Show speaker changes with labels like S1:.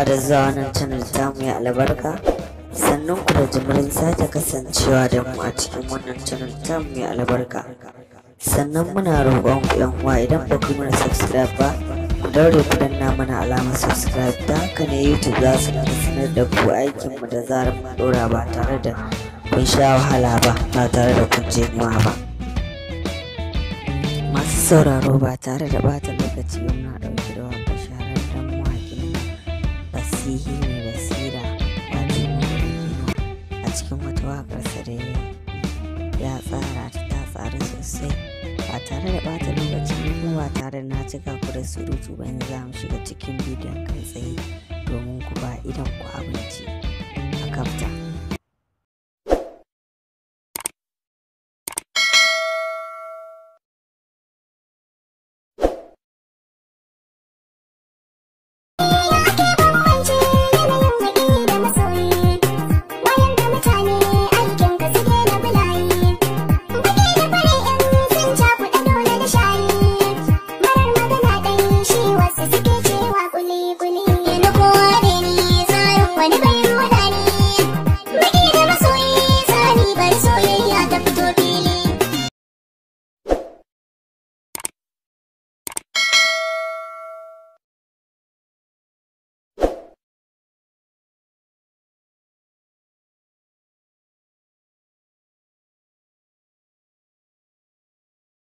S1: barka da zuwa wannan channel ta mu ya albarka sannan ku da jimirin sake kasancewa da mu a cikin wannan channel ta mu ya albarka sannan muna roƙon ku yan uwa idan ba ku mana subscribe ba ku daure ku danna mana alamar subscribe ta haka ne youtube za su sanar da ku aikin mu da zarar mun dora ba tare da kun sha wahala ba ba tare da kun je ba
S2: masu sauraro ba tare da bata
S1: lokaci ba shege mai basira ya nuna hira a cikin wata wakar da ya tsara ta ta tsara sosai ba tare da ɓata lokaci kuma ba tare da na cika ku da surutu ba ne za mu shiga cikin bidiyon kai tsaye domin ku ba idan ku abinci a kafta.